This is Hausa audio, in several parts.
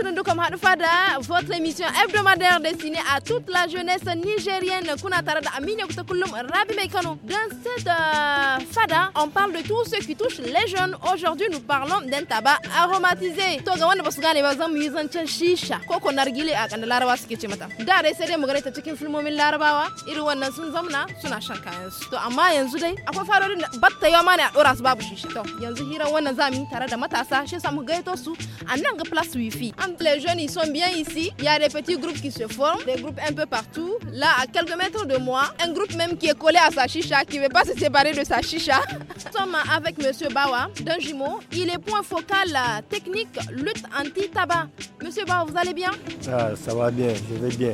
shirin duka mu fada votre émission hebdomadaire destinée à toute la jeunesse nigérienne Kunatara tare da Amina Kuta kullum Rabi Meikano. Dans cette euh, fada, on parle de tout ce qui touche les jeunes. Aujourd'hui, nous parlons d'un tabac aromatisé. To ga wanda basu gane ba zan yi zancen shisha Koko ko nargile a kan Larabawa suke ce mata. Da dai sai dai mu ta cikin filmomin Larabawa irin wannan sun zamna suna shan su. To amma yanzu dai akwai farorin da batta yawa ne a dora su babu shisha. To yanzu hirar wannan zamu yi tare da matasa shi yasa gaito su a nan ga Plus Wifi les jeunes, ils sont bien ici. Il y a des petits groupes qui se forment, des groupes un peu partout. Là, à quelques mètres de moi, un groupe même qui est collé à sa chicha, qui ne veut pas se séparer de sa chicha. Nous sommes avec Monsieur Bawa d'un jumeau. Il est point focal technique lutte anti-tabac. Monsieur Bawa, vous allez bien ah, Ça va bien, je vais bien.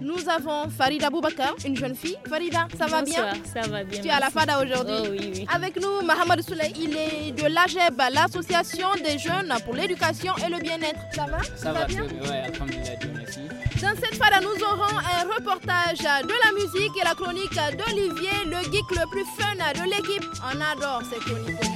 Nous avons Farida Boubaka, une jeune fille. Farida, ça va bien Ça va bien. Tu es à la FADA aujourd'hui oh, oui, oui. Avec nous, Mohamed Souley, il est de l'AGEB, l'association des jeunes pour l'éducation et le bien-être. Ça va ça va, bien? Dans cette fois-là, nous aurons un reportage de la musique et la chronique d'Olivier, le geek le plus fun de l'équipe. On adore ces chroniques.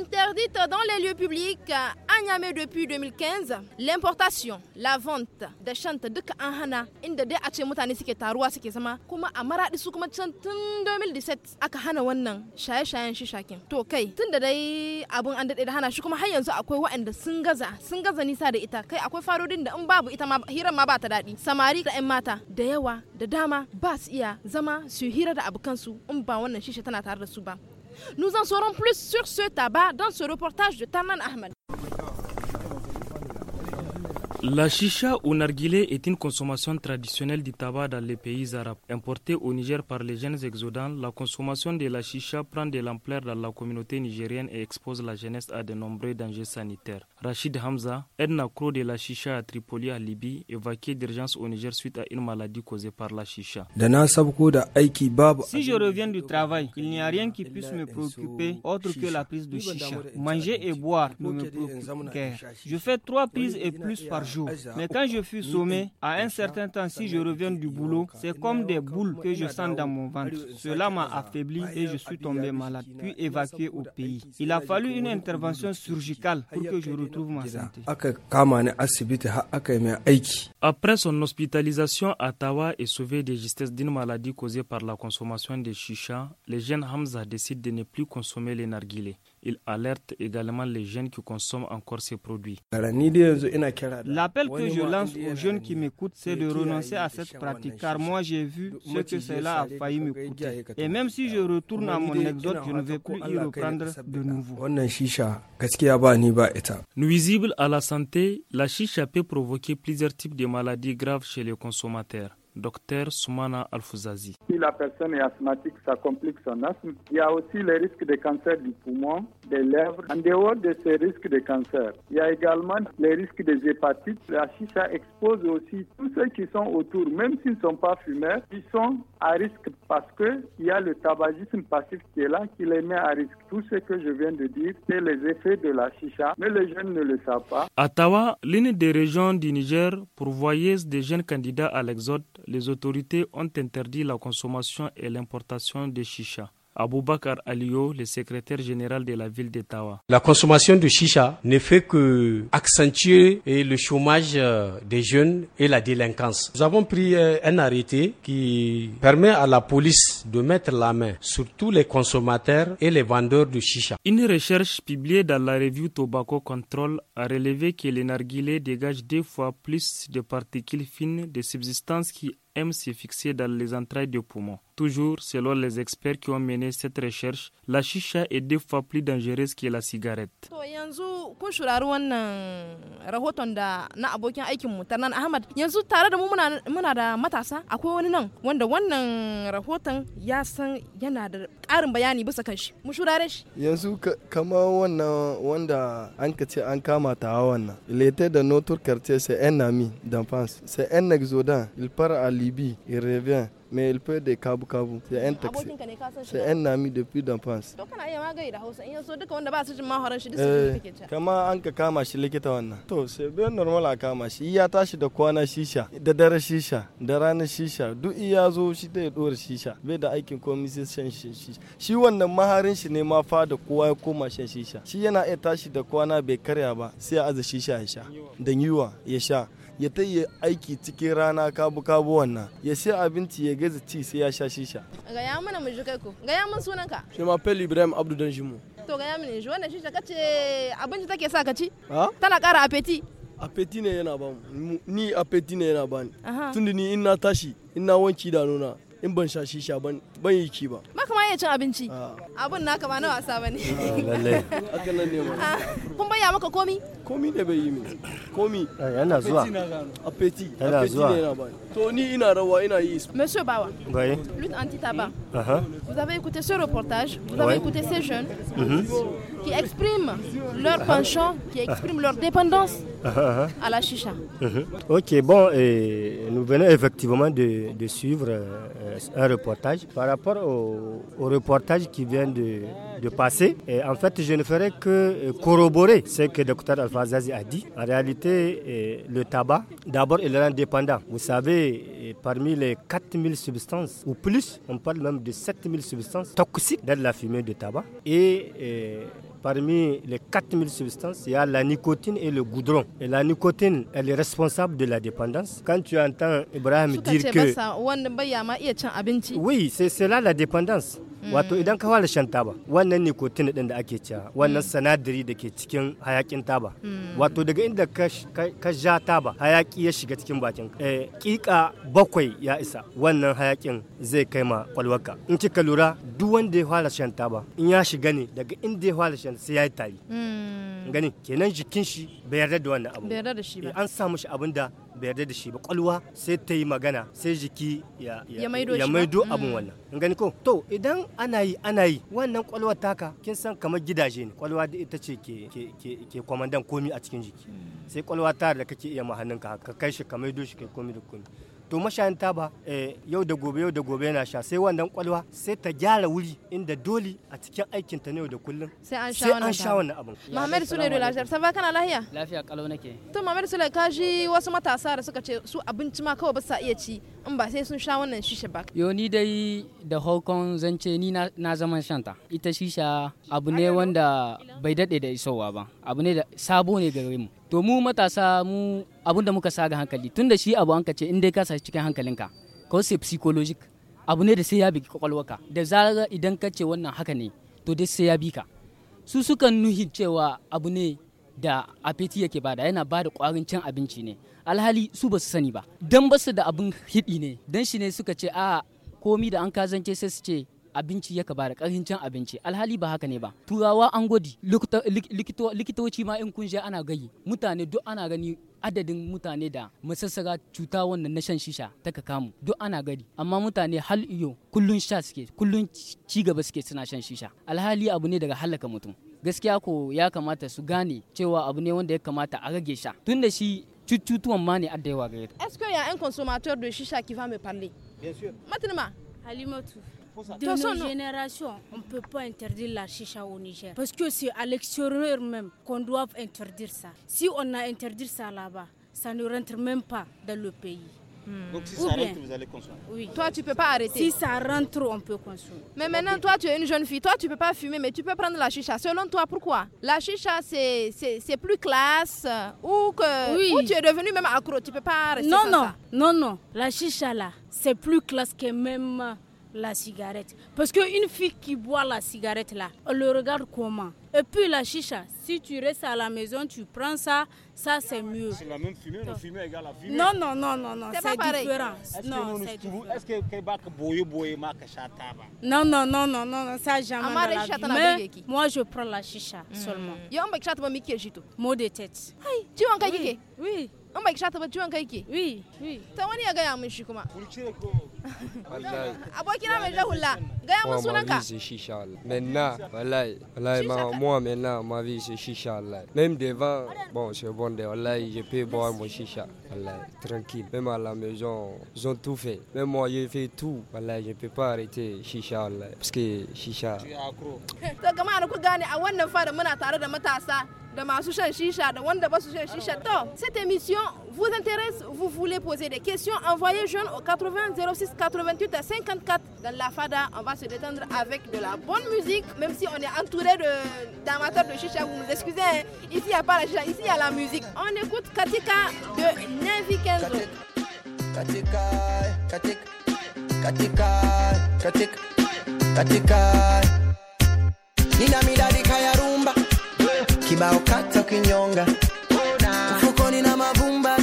interdite dans les lieux publics à Niamey depuis 2015 l'importation, la vente da shanta duka an hana inda dai a ce mutane suke taruwa suke zama kuma a maraɗi su kuma can tun 2017 aka hana wannan shaye-shayen shishakin. To kai tun da dai abun an daɗe da hana shi kuma har yanzu akwai waɗanda sun gaza sun gaza nisa da ita kai akwai farodin da in babu ita hira hirar ma ba ta daɗi. Samari da mata da yawa da dama ba su zama su hira da abokansu in ba wannan shisha tana tare da su ba. Nous en saurons plus sur ce tabac dans ce reportage de Taman Ahmed. La chicha ou narguilé est une consommation traditionnelle du tabac dans les pays arabes. Importée au Niger par les jeunes exodants, la consommation de la chicha prend de l'ampleur dans la communauté nigérienne et expose la jeunesse à de nombreux dangers sanitaires. Rachid Hamza, aide nacro de la chicha à Tripoli, à Libye, évacué d'urgence au Niger suite à une maladie causée par la chicha. Si je reviens du travail, il n'y a rien qui puisse me préoccuper autre que la prise de chicha. Manger et boire ne me préoccupe guère. Je fais trois prises et plus par jour. Mais quand je fus sommé, à un certain temps, si je reviens du boulot, c'est comme des boules que je sens dans mon ventre. Cela m'a affaibli et je suis tombé malade, puis évacué au pays. Il a fallu une intervention surgicale pour que je retrouve ma santé. Après son hospitalisation à Tawa et sauvé des justesses d'une maladie causée par la consommation de chicha, les jeunes Hamza décide de ne plus consommer les narguilés. Il alerte également les jeunes qui consomment encore ces produits. L'appel que je lance aux jeunes qui m'écoutent, c'est de renoncer à cette pratique, car moi j'ai vu ce que cela a failli me coûter. Et même si je retourne à mon exode, je ne vais plus y reprendre de nouveau. Nuisible à la santé, la chicha peut provoquer plusieurs types de maladies graves chez les consommateurs. Docteur Soumana Alfouzazi. Si la personne est asthmatique, ça complique son asthme. Il y a aussi les risques de cancer du poumon, des lèvres. En dehors de ces risques de cancer, il y a également les risques des hépatites. La chicha expose aussi tous ceux qui sont autour, même s'ils ne sont pas fumeurs, ils sont à risque parce qu'il y a le tabagisme passif qui est là, qui les met à risque. Tout ce que je viens de dire, c'est les effets de la chicha, mais les jeunes ne le savent pas. Ottawa, l'une des régions du Niger, pourvoyeuse des jeunes candidats à l'exode, les autorités ont interdit la consommation et l'importation de chicha. Aboubakar Alio, le secrétaire général de la ville de La consommation de chicha ne fait que accentuer eh, le chômage euh, des jeunes et la délinquance. Nous avons pris euh, un arrêté qui permet à la police de mettre la main sur tous les consommateurs et les vendeurs de chicha. Une recherche publiée dans la revue Tobacco Control a relevé que les narguilés dégagent deux fois plus de particules fines de subsistance qui s'est fixé dans les entrailles du poumon. Toujours, selon les experts qui ont mené cette recherche, la chicha est deux fois plus dangereuse que la cigarette. Il était dans notre quartier, c'est un ami d'enfance, c'est un exodant, il part à Libye. Libye, il revient. Mais il peut des cabou cabou. C'est un taxi. C'est un ami depuis d'enfance. Kama an ka kama shi likita wannan. To, sai bayan normal a tâche de quoi na chicha. De shisha, chicha. De shisha, chicha. D'où il y a zo shi ta ya ɗora shisha. Bai da aikin komi sai shan shisha. Shi wannan maharin shi ne ma fa de quoi ya koma chicha. Si Shi yana iya tashi da kwana bai karya ba sai ya aza shisha ya sha. Da yiwa ya ya ta yi aiki cikin rana kabu kabu wannan ya sai abinci ya gaza ci sai ya sha shisha ya mana mu ji kai ku ya mun sunanka shi ma fel ibrahim abdu dan mu to ya mun shi wannan shisha kace abinci take sa ka ci tana kara apeti apeti ne yana ba mu ni apeti ne yana ba ni tunda ni in na tashi in na wanki da nuna in ban sha shisha ban ban yi ki ba ma kamar ya cin abinci abun naka ba na wasa bane ah, lalle haka nan ne ma monsieur bawa lutte anti tabac uh-huh. vous avez écouté ce reportage vous avez écouté ces jeunes mm-hmm. qui expriment leur uh-huh. penchant qui expriment leur dépendance uh-huh, à la chicha mm-hmm. ok bon et nous venons effectivement de, suivre euh, un reportage par rapport au, reportage qui vient de, de passer et en fait je ne ferai que euh, corroborer c'est ce que le docteur Alfazazi a dit. En réalité, eh, le tabac, d'abord, il est indépendant. Vous savez, eh, parmi les 4000 substances ou plus, on parle même de 7000 substances toxiques dans la fumée de tabac. Et, eh, parmi les 4000 substances, il y a la nicotine et le goudron. Et la nicotine, elle est responsable de la dépendance. Quand tu entends Ibrahim dire que... Oui, c'est cela la dépendance. Mm. wato idan ka fara shan taba wannan nicotine din da ake cewa wannan mm. sanadari da ke cikin hayakin taba mm. wato daga inda ka ja taba hayaki ya shiga cikin bakin kika eh, bakwai ya isa wannan hayakin zai kai ma kwalwarka in kika lura duk wanda ya fara shan taba in ya shiga ne daga inda ya fara shan sai ya yi tari gani kenan jikin shi bai yarda da wannan abu eh, an samu shi abin bai yarda da shi ba kwalwa sai ta yi magana sai jiki ya maido abin mm. wannan in gani ko to idan ana yi ana yi wannan kwalwa taka kin san kamar gidaje ne kwalwa da ita ce ke kwamandan komi a cikin jiki mm. sai kwalwa ta da kake iya ka ka kai shi ka maido shi kai komi da komi to mashayin taba eh, yau da gobe yau da gobe yana sha sai wannan kwalwa sai ta gyara wuri inda dole a cikin aikin ta ne yau da kullum sai an sha wannan abin Muhammad Sule da lafiyar safa kana lafiya lafiya kalau nake to Muhammad Sule ka wasu matasa da suka ce su abinci ma kawai ba sa iya ci in ba sai sun sha wannan shisha ba yo ni dai da hokon zance ni na zama shanta ita shisha abu ne wanda bai daɗe da isowa ba abu ne da sabo ne gare mu to mu matasa mu abun da muka saga hankali tun da shi abu an ka ce in dai ka sashi cikin hankalinka ko sai psychologic abu ne da sai ya bi kwakwalwarka. da zarar idan ka ce wannan haka ne to dai sai ya bi ka su sukan nuhi cewa abu ne da apeti yake bada yana bada kwarin cin abinci ne alhali su basu sani ba dan basu da abin hidi ne dan shi ne suka ce a komi da an kazance sai su ce abinci yaka bada da karhin cin abinci alhali ba haka ne ba turawa an gwadi likitoci ma in kun ana gayi mutane duk ana gani adadin mutane da masassara cuta wannan na shan shisha ta ka kamu duk ana gari amma mutane hal iyo kullun sha suke kullun ci gaba suke suna shan shisha alhali abu ne daga halaka mutum gaskiya Est-ce qu'il y a un consommateur de chicha qui va me parler? Bien sûr. Maintenant, De nos générations, on ne peut pas interdire la chicha au Niger. Parce que c'est à l'extérieur même qu'on doit interdire ça. Si on a interdit ça là-bas, ça ne rentre même pas dans le pays. Hmm. Donc si ça vous allez consommer. Oui. Toi, tu peux pas arrêter. Si ça rentre, on peut consommer. Mais maintenant, toi, tu es une jeune fille. Toi, tu peux pas fumer, mais tu peux prendre la chicha. Selon toi, pourquoi La chicha, c'est plus classe. Euh, ou que ou tu es devenu même accro. Tu peux pas arrêter. non, Non, non. Non, non. La chicha, là, c'est plus classe que même euh, la cigarette. Parce qu'une fille qui boit la cigarette là, on le regarde comment Et puis la chicha, si tu restes à la maison, tu prends ça, ça c'est mieux. C'est la même fumée, la fumée égale la fumée. Non, non, non, non, non, c'est différent. Non, c'est Est-ce que Non, non, non, non, non, non, ça jamais moi je prends la chicha seulement. Moi chataba la de tête. tu en Oui. oui in bai sha ta ba ciwon kai ke wi wi ta wani ya gaya min shi kuma na mai jahulla gaya min sunanka ma shi shisha Allah. menna wallahi wallahi ma moi menna ma vie c'est shisha Allah. même devant bon c'est bon de wallahi je peux boire mon shisha wallahi tranquille même à la maison ils ont tout fait même moi j'ai fait tout wallahi je peux pas arrêter shisha wallahi parce que shisha to kamar ku gane a wannan fara muna tare da matasa de ma chicha, de wanda ba Chicha. cette émission vous intéresse vous voulez poser des questions envoyez jeune au 80 06 88 à 54 dans la fada on va se détendre avec de la bonne musique même si on est entouré de d'amateurs de chicha, vous nous excusez hein. ici il n'y a pas la chicha, ici il y a la musique on écoute Katika de Nevi Kenzo Katika Katika Katika Katika Katika kibao kata kinyonga mfukoni na mavumba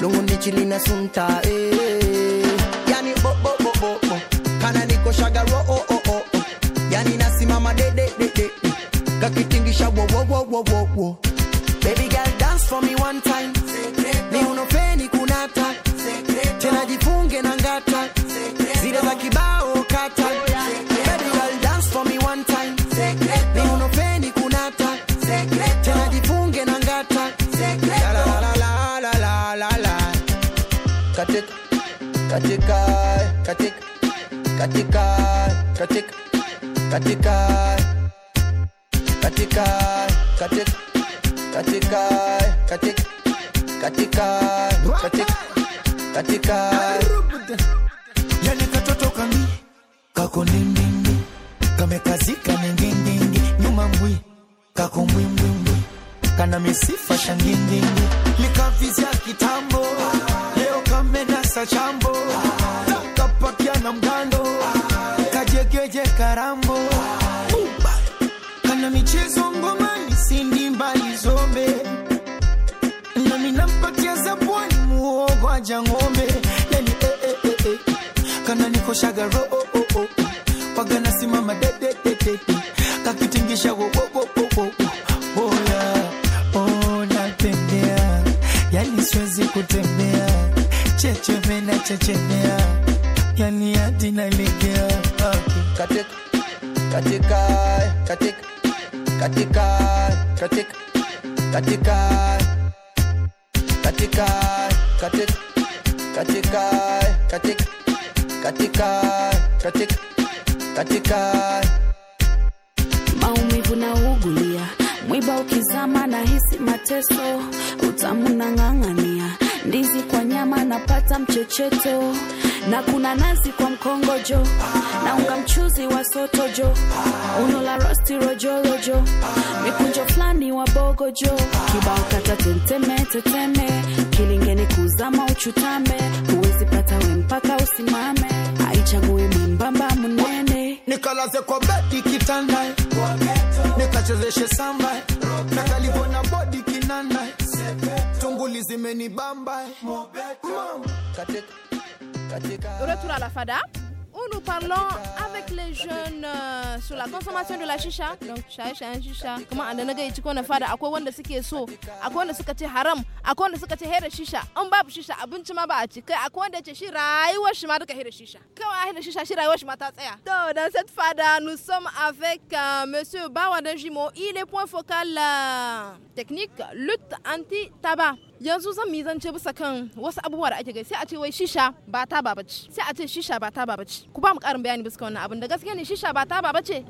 lungu ndichi lina sunta eh. yani bobobobobo oh, oh, oh, bo, bo, bo. kana niko shagaro oh, oh, oh, yani nasimama dededede kakitingisha wowowowowowo katika katika katika katika katika katika katika katika katika katika katika katika yani katoto kami kako nindindi kamekazika ningindingi nyuma mbwi kako mbwimbwimbwi kana misifa shangindingi likavizya kitambo ah kabisa chambo kapakia na mgando kajegeje karambo kana michezo ngomani sindi mbali zombe nami nampatia zabwani muogo aja ng'ombe yani eh, eh, eh, eh, eh. kana nikoshaga ro oh, oh, oh. pagana simama dedededede kakitingisha wo, wo, wo, wo, wo. boya oh, natembea yani siwezi kutembea nachechemea, yani hadi nalegea katika maumivu na ugulia mwiba ukizama na hisi mateso utamu na ng'ang'ania ndizi kwa nyama napata mchecheto, na kuna nazi kwa jo na unga mchuzi wa soto uno la rosti rojorojo, mikunjo flani wa jo kibao kata teteme teteme, kilingeni kuzama uchutame, huwezi pata we mpaka usimame, aichagui mwembamba mnene, nikalaze kwa bedi kitanda, nikachezeshe samba, nakalivona bodi kinanda Sepe. Shughuli zimenibamba Retour à la fada où nous parlons avec les jeunes euh, sur la consommation de la chicha Donc, shaye un chicha comment a dana gaici kone fada akwai wanda suke so, akwai wanda suka ce haram, akwai wanda suka ce hera shisha. In babu shisha abinci ma ba a ci. Kai akwai wanda ce shi rayuwar shi ma duka hera shisha. Kawai a hera shisha shi rayuwar shi ma ta tsaya. Donc, dans cette fada, nous sommes avec euh, monsieur Bawa Jimo. Il est point focal euh, technique lutte anti-tabac. yanzu zan yi zance bisa kan wasu abubuwa da ake gai sai a ce wai shisha ba ta ba bace sai a ce shisha ba ta ba bace ku ba mu karin bayani bisa wannan abin da gaskiya ne shisha ba ta ba bace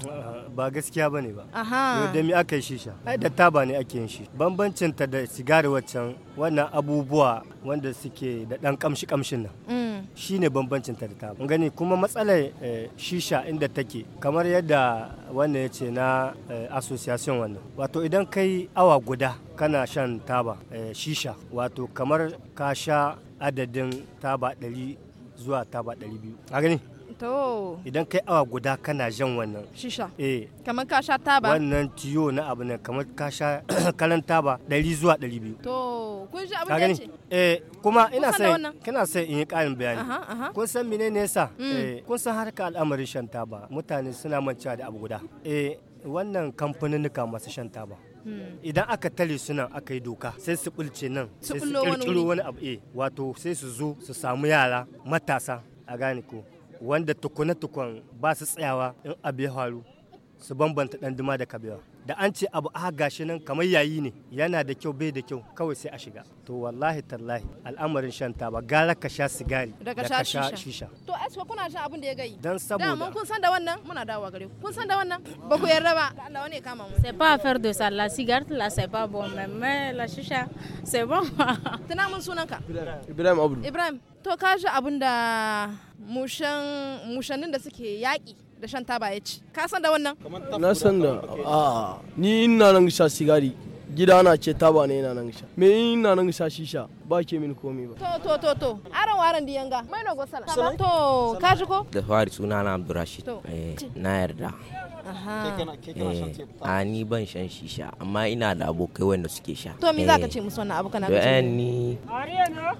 ba gaskiya bane ba aha da mi aka yi shisha ai da taba ne ake yin shi bambancin ta da sigari waccan wannan abubuwa wanda suke da dan kamshi kamshin nan mm. shine bambancin ta da taba gani kuma matsalar eh, shisha inda take kamar yadda wannan ya ce na eh, association wannan wato idan kai awa guda kana shan taba eh, shisha wato kamar ka sha adadin taba 100 zuwa taba 200 a gani to idan kai awa guda kana jan wannan shisha eh kamar ka sha taba wannan tiyo na abu ne kamar ka sha karan taba 100 zuwa 200 to kun ji abin da ya ce eh kuma ina sai kina sai in yi karin bayani kun san menene yasa mm. eh kun san har ka al'amarin shan taba mutane suna mancewa da abu guda eh wannan kamfaninnika masu shan taba hmm. idan aka tare suna aka yi doka sai su bulce nan sai su kirkiro wani abu eh wato sai su zo su samu yara matasa a gane ko wanda tukune-tukun ba su tsayawa in abu ya faru su bambanta dan duma da kabewa da an ce abu a gashi nan kamar yayi ne yana da kyau bai da kyau kawai sai a shiga to wallahi tallahi al'amarin shan taba gara ka sha sigari da ka sha shisha to asko kuna shan abin da ya gayi. dan saboda da kun san da wannan muna dawowa gare ku kun san da wannan ba ku yarda ba Allah wani ya kama mu c'est pas affaire de ça la cigarette la c'est pas bon mais la shisha c'est bon tana mun sunanka Ibrahim Ibrahim Abdul Ibrahim to ka ji abin da mushannin da suke yaƙi da shan taba ya ci ka san da wannan na san da a ni ina nan sha sigari gida na ce taba ne ina nan sha me ina nan sha shisha ba ke min komi ba to to to to aran waran di yanga mai na gosala to ka ko da fari suna na abdurashid eh, na yarda Eh, a ni ban shan shisha amma ina da abokai wanda suke sha to me zaka eh. ce musu wannan abu kana ce eh, ni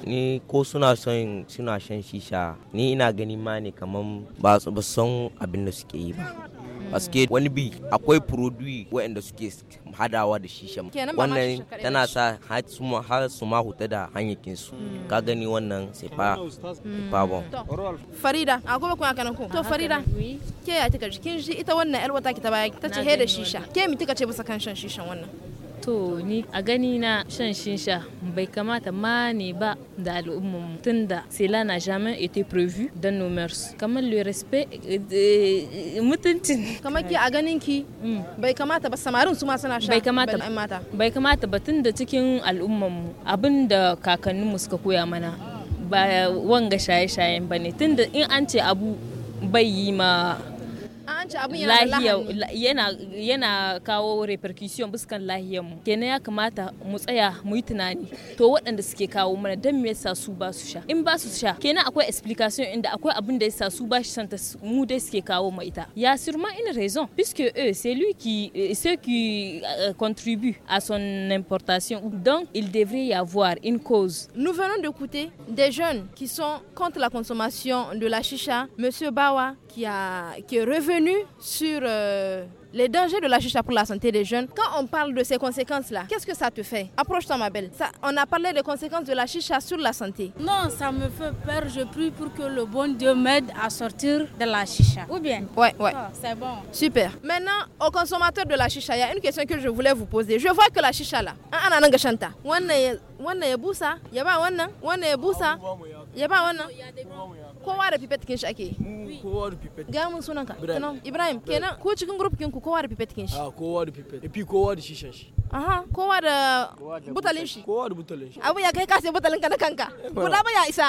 ni ko suna son suna shan shisha ni ina gani ma ne kaman ba su san abin da suke yi ba paske wani bi akwai produi wa'anda suke hadawa da shisha wannan tana sa har su ma huta da hanyakin su hmm. ka gani wannan sai fa hmm. bon farida a gobe kuma kanan ku to farida ke ya tuka jikin shi ita wannan yar wata ki ta baya ta ce he da shisha ke mi tuka ce bisa kan shan shishan wannan To ni a gani na shan shinsha bai kamata ma ne ba da al'umman tunda sila na jamais été prévu dans nos Kamar le respect eh, mutuncin. Kamar ki a ganin ki mm. bai kamata ba samarin su ma suna sha. Bai kamata Bai kamata ba tunda cikin al'umman mu kakannin mu suka koya mana ba wanga shaye-shayen ba ne tunda in an ce abu bai yi ma yana yana kawo repercussion buskan lahiyar mu kenan ya kamata mu tsaya mu yi tunani to waɗanda suke kawo mana dan me yasa su ba su sha in ba su sha kenan akwai explication inda akwai abin da yasa su ba shi santa mu dai suke kawo ma ita ya sûrement une raison puisque eux c'est lui qui euh, ceux qui euh, contribuent à son importation donc il devrait y avoir une cause nous venons d'écouter des jeunes qui sont contre la consommation de la chicha monsieur Bawa qui a qui est revenu sur euh, les dangers de la chicha pour la santé des jeunes. Quand on parle de ces conséquences-là, qu'est-ce que ça te fait Approche-toi, ma belle. Ça, on a parlé des conséquences de la chicha sur la santé. Non, ça me fait peur. Je prie pour que le bon Dieu m'aide à sortir de la chicha. Ou bien Ouais, ouais. Ah, c'est bon. Super. Maintenant, aux consommateurs de la chicha, il y a une question que je voulais vous poser. Je vois que la chicha là, il y a des kowa da pipet kin shi ake yi kowa da pipet ga mun sunan ka tunan ibrahim kenan ko cikin group kin ku kowa da pipet kin shi a ah, kowa da pipet epi kowa da shishan shi aha kowa da butalin shi kowa da butalin shi abu ya kai ka sai butalin ka na kanka eh, da ba ya isa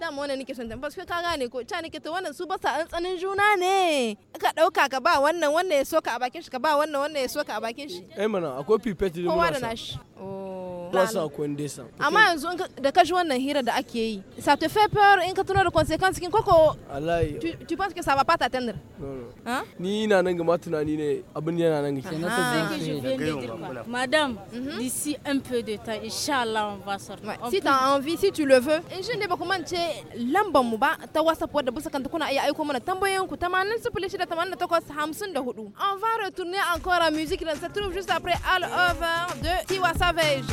da mu wannan nake son ba su ka gane ko ta nake to wannan su ba sa tsanin juna ne ka dauka ka ba wannan wannan ya soka a bakin shi ka ba wannan wannan ya soka a bakin shi eh mana akwai pipet kowa da nashi oh ba sa kwande amma yanzu da ka ji wannan hira da ake yi ça te fait peur in ka tuno da consequences kin koko wallahi tu, tu penses que ça va pas t'atteindre non non hein? ni ina nan ga ma tunani ne abin yana nan ga kenan ta madame mhm. d'ici un peu de temps inshallah on va sortir si tu as envie si tu le veux in shin dai ba kuma ce lamban mu ba ta whatsapp wadda bisa kanta kuna iya aiko mana tambayoyin ku 806854 on va retourner encore à musique Ça se trouve juste après All Over de Tiwa Savage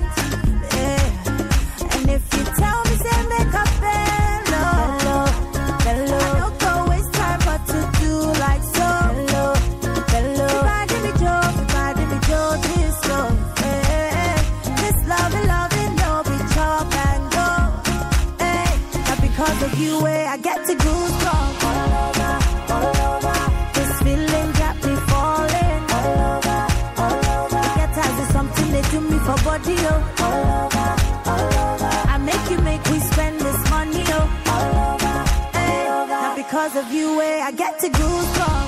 because of you, eh? I get to go strong.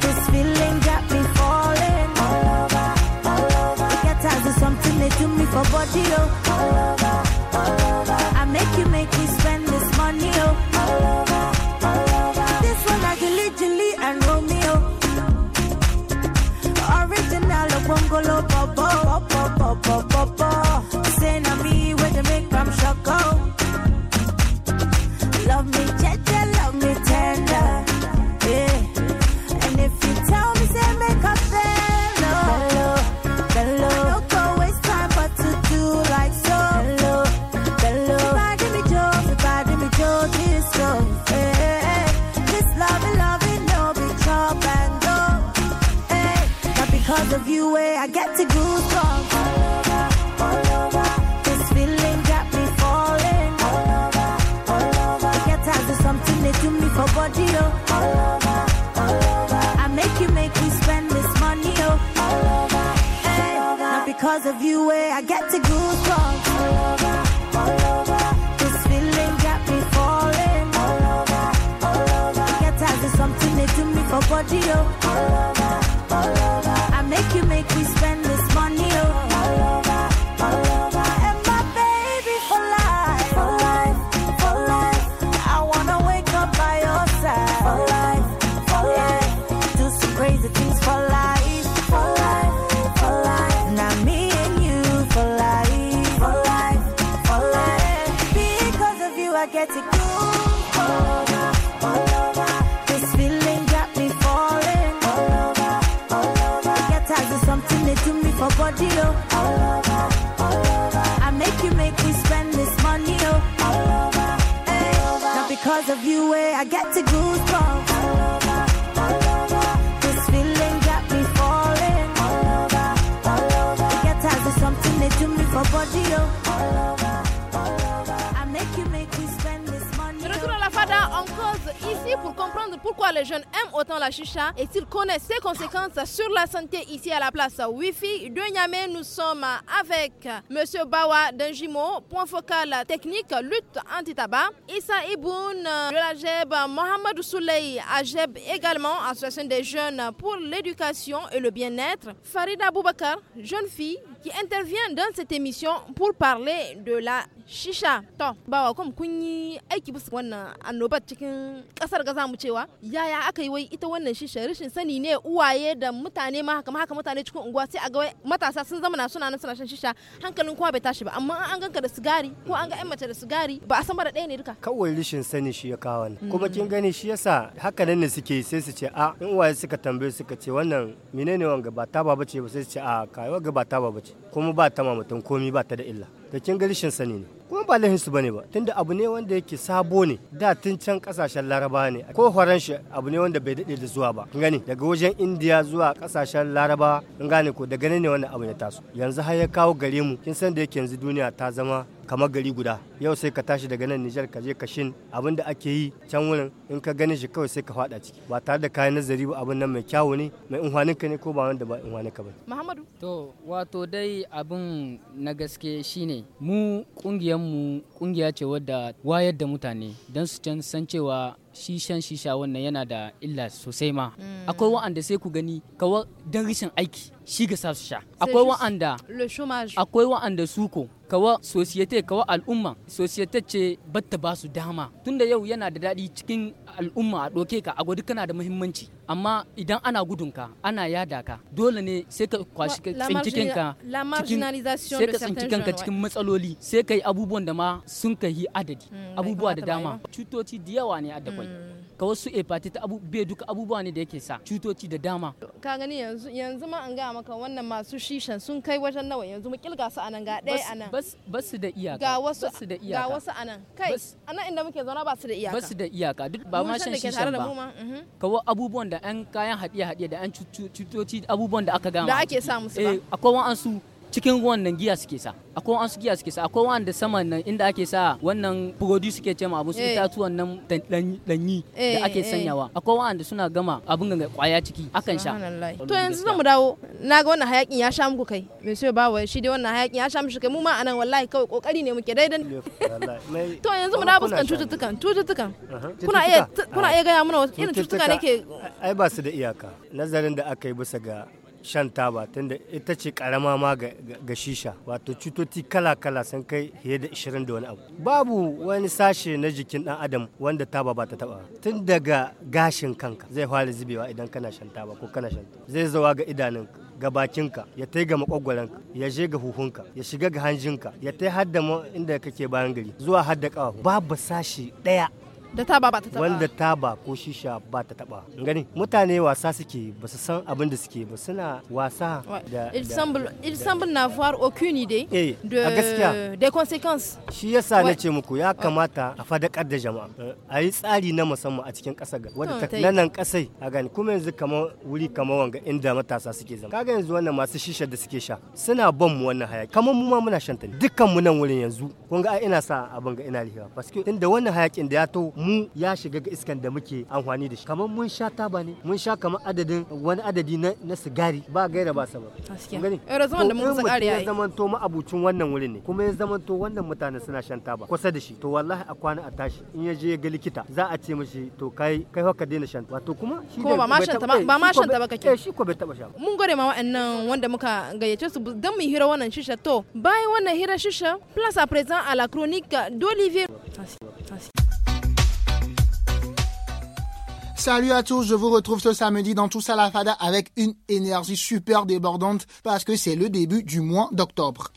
This feeling got me falling all over, all over. something they do me for body, oh, all over. because of you where eh? I get to go all This feeling got me falling something me body, oh. all over, all over. I make you make me. because of you, where I get to goosebumps. la chicha et s'il connaît ses conséquences sur la santé ici à la place Wi-Fi de Niamey Nous sommes avec Monsieur Bawa Denjimo, point focal technique lutte anti-tabac, Issa Iboun de la JEB, Mohamed Souley, AJEB également, association des jeunes pour l'éducation et le bien-être, Farida Boubakar, jeune fille qui intervient dans cette émission pour parler de la shisha to bawa kuma kun yi aiki bisa wannan annobar cikin kasar ga zamu cewa yaya aka yi wai ita wannan shisha rashin sani ne uwaye da mutane ma haka haka mutane cikin unguwa sai a ga matasa sun zama na suna nan suna shan shisha hankalin kuma bai tashi ba amma an ganka da sigari ko an ga ƴan mace da sigari ba a san mara ɗaya ne duka kawai rashin sani shi ya kawo kuma kin gani shi yasa haka nan ne suke sai su ce a in uwaye suka tambaye suka ce wannan menene wanga ba ta ba ce ba sai su ce a kayuwa ga ba ta ba ce kuma ba ta ma mutum komi ba ta da illa da kin ga rishin sani ne kuma ba ba bane ba tunda abu ne wanda yake sabo ne da tun can kasashen laraba ne ko shi abu ne wanda bai daɗe da zuwa ba gani daga wajen indiya zuwa kasashen laraba in gane ko daga ne wannan abu ya taso yanzu har ya kawo gare mu kin san da yake yanzu duniya ta zama kamar gari guda yau sai ka tashi daga nan Nijar ka je Kashin abinda ake yi can wurin in ka gane shi kawai sai ka fada ciki ba tare da kayan nazari ba abin nan mai kyawu ne mai unhwanin ka ne ko ba wanda ba unhwanin ka ba Muhammadu to wato dai abin na gaske shine mu kungiyar mu kungiya ce wadda wayar da mutane don su can san cewa shi shisha wannan yana da illa sosai ma mm. akwai wa'anda sai ku gani kawai don rashin aiki shi ga su sha akwai wa'anda akwai wa'anda suko kawa societe kawa al'umma societe ce batta ba su dama tunda yau yana da daɗi cikin al'umma a ɗoke ka a gwadi kana da muhimmanci amma idan ana gudun ka ana yada ka dole ne sai ka kwashi tsincikin ka sai ka tsincikin ka cikin matsaloli sai ka yi abubuwan da ma sun ka yi adadi hmm, abubuwa da dama cutoci da yawa ne dakwai hmm. ka wasu hepatitis abu be duka abubuwa ne da yake sa cutoci da dama ka gani yanzu yanzu ma an ga maka wannan masu shishan sun kai wajen nawa yanzu mu kilga su anan ga ɗaya anan bas bas da iyaka ga wasu da iyaka ga wasu anan kai anan inda muke zauna ba su da iyaka bas da iyaka duk ba ma shan shishan ba mhm. Ka wa abubuwan da an kayan hadiya hadiya da an cutoci abubuwan da aka gama da ake sa musu ba eh, akwai wa'ansu cikin ruwan nan giya suke sa akwai wasu giya suke sa akwai wanda saman nan inda ake sa wannan produce suke ce ma abun su eh. itatuwan nan danyi eh, da ake eh, sanyawa akwai wanda suna gama abun ga kwaya ciki akan sha to yanzu mu dawo na ga wannan hayakin ya sha muku kai me sai ba wai shi dai wannan hayakin ya sha mushi kai mu ma anan wallahi kawai kokari ne muke daidan to yanzu mu dawo fuskan cututtukan cututtukan kuna iya kuna iya ga mana wasu irin cututtuka ne ke ai ba su da iyaka nazarin da aka yi bisa ga shan taba tunda ita ce karama ma ga shisha wato cutoti kala-kala sun kai fiye da 20 da wani abu babu wani sashe na jikin dan adam wanda taba ba ta taba tun daga gashin kanka zai fara zubewa idan kana shan taba ko kana shan zai zawa ga idanunka ga bakinka ya tai ga makwagwaranka ya je ga huhunka ya shiga ga hanjinka ya tai hadda inda kake bayan gari zuwa hadda kawo babu sashe daya da taba ba ta taba wanda taba ko shisha ba ta taba gani mutane wasa suke ba su san abin da suke ba suna wasa da il semble il semble n'avoir aucune idée eh, de gaskiya des conséquences shi yasa na ce muku ya kamata a fadakar da jama'a a yi tsari na musamman a cikin kasar ga wanda hmm, ta nan kasai a gani kuma yanzu kamar wuri kamar wanga inda matasa suke zama kaga yanzu wannan masu shisha da suke sha suna bon mu wannan hayaki kamar mu ma muna shan ta dukkan mu nan wurin yanzu kun ga ina sa abin ga ina lihiwa paske tunda wannan hayakin da ya to mu ya shiga ga iskan da muke amfani da shi kamar mun sha taba ne mun sha kamar adadin wani adadi na, na sigari ba gaira ba sabab gani eh, da mun sigari ya zaman to abucin wannan wurin ne kuma ya zaman to wannan mutane suna shan taba kusa da shi to wallahi a kwana a tashi in ya je ga likita za a ce mishi to kai kai haka daina shan wato kuma shi ko ba ma shan ta eh, ba ma shan ta ba kake eh shi ko bai taba sha mun gode ma wa'annan wanda muka gayyace su dan mu hira wannan shisha to bayan wannan hira shisha plus à présent à la chronique d'Olivier Merci. Merci. Salut à tous, je vous retrouve ce samedi dans tout ça avec une énergie super débordante parce que c'est le début du mois d'octobre.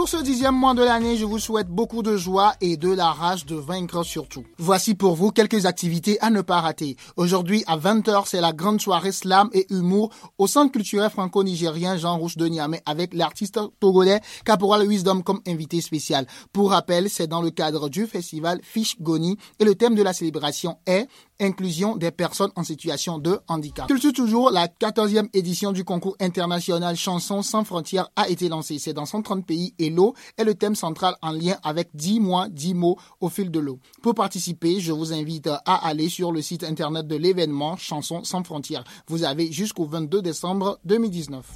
Pour ce dixième mois de l'année, je vous souhaite beaucoup de joie et de la rage de vaincre surtout. Voici pour vous quelques activités à ne pas rater. Aujourd'hui, à 20h, c'est la grande soirée slam et humour au centre culturel franco-nigérien Jean Rouge de Niamey avec l'artiste togolais Caporal Wisdom comme invité spécial. Pour rappel, c'est dans le cadre du festival Fish Goni et le thème de la célébration est inclusion des personnes en situation de handicap. Culture toujours, la 14e édition du concours international Chansons sans frontières a été lancée. C'est dans 130 pays et l'eau est le thème central en lien avec 10 mois, 10 mots au fil de l'eau. Pour participer, je vous invite à aller sur le site internet de l'événement Chansons sans frontières. Vous avez jusqu'au 22 décembre 2019.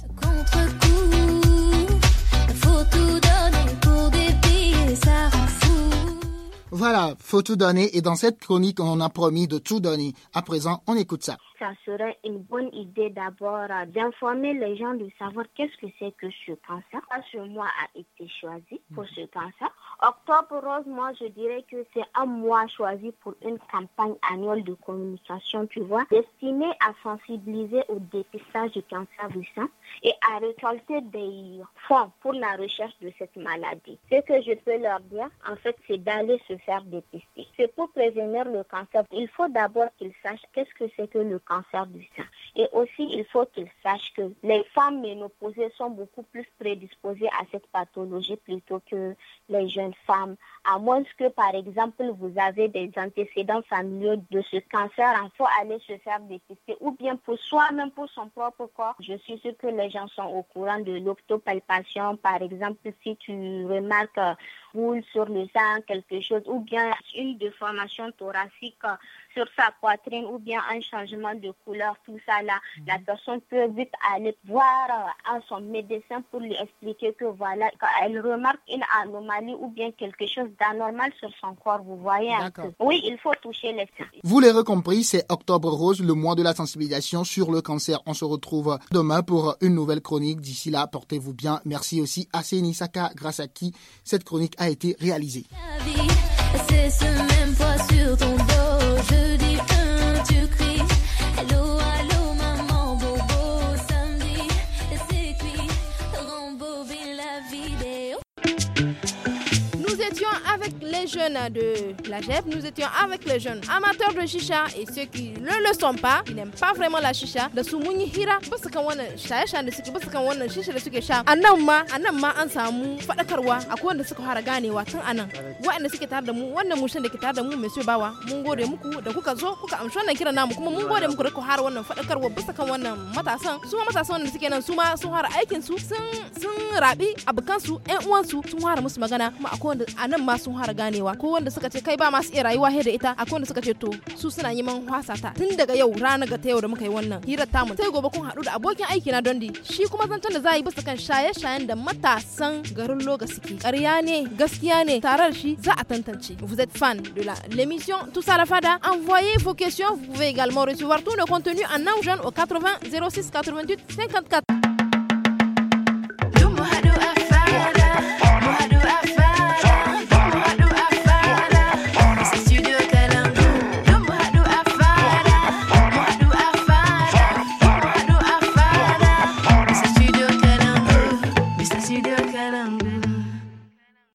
Voilà, faut tout donner. Et dans cette chronique, on a promis de tout donner. À présent, on écoute ça. Ça serait une bonne idée d'abord euh, d'informer les gens de savoir qu'est-ce que c'est que ce cancer. Parce que moi a été choisi pour mhm. ce cancer. Octobre rose, moi, je dirais que c'est un mois choisi pour une campagne annuelle de communication, tu vois, destinée à sensibiliser au dépistage du cancer du sein et à récolter des fonds pour la recherche de cette maladie. Ce que je peux leur dire, en fait, c'est d'aller se faire dépister. C'est pour prévenir le cancer. Il faut d'abord qu'ils sachent qu'est-ce que c'est que le cancer du sein. Et aussi, il faut qu'ils sachent que les femmes ménopausées sont beaucoup plus prédisposées à cette pathologie plutôt que les jeunes femme, à moins que, par exemple, vous avez des antécédents familiaux de ce cancer, il faut aller se faire dépister ou bien pour soi-même, pour son propre corps. Je suis sûre que les gens sont au courant de l'octopalpation Par exemple, si tu remarques euh, boule sur le sein, quelque chose, ou bien une déformation thoracique sur sa poitrine, ou bien un changement de couleur, tout ça là, mhm. la personne peut vite aller voir euh, à son médecin pour lui expliquer que voilà, quand elle remarque une anomalie ou bien quelque chose d'anormal sur son corps, vous voyez. Oui, il faut toucher les Vous l'avez compris, c'est Octobre Rose, le mois de la sensibilisation sur le cancer. On se retrouve demain pour une nouvelle chronique. D'ici là, portez-vous bien. Merci aussi à Senisaka grâce à qui cette chronique a a été réalisé. C'est ce même poids sur ton dos, je... les jeunes de la GEP, nous étions avec les jeunes amateurs de chicha et ceux qui ne le sont pas, qui n'aiment pas vraiment la chicha, de Soumouni Hira, parce que wannan shaye-shayen da suke que kan wannan shisha da suke sha a ma a ma an samu faɗakarwa akwai wanda suka fara ganewa tun a nan waɗanda suke tare da mu wannan mushin da ke tare da mu mai bawa mun gode muku da kuka zo kuka amshi wannan kira namu kuma mun gode muku da kuka fara wannan faɗakarwa bisa kan wannan matasan su ma matasan wanda suke nan su ma sun fara aikin su sun sun rabi abokan su ƴan uwan su sun fara musu magana kuma akwai wanda ma sun fara ganewa ko wanda suka ce kai ba masu iya rayuwa he da ita akwai wanda suka ce to su suna yi man hwasa ta tun daga yau rana ga ta yau da muka yi wannan hirar tamu sai gobe kun haɗu da abokin aiki na dondi shi kuma zancen da za a yi bisa kan shaye-shayen da matasan garin loga suke ƙarya ne gaskiya ne tarar shi za a tantance vous êtes fan de la l'émission tout ça la fada envoyez vos questions vous pouvez également recevoir tout le contenu en jeune au 80 06 88 54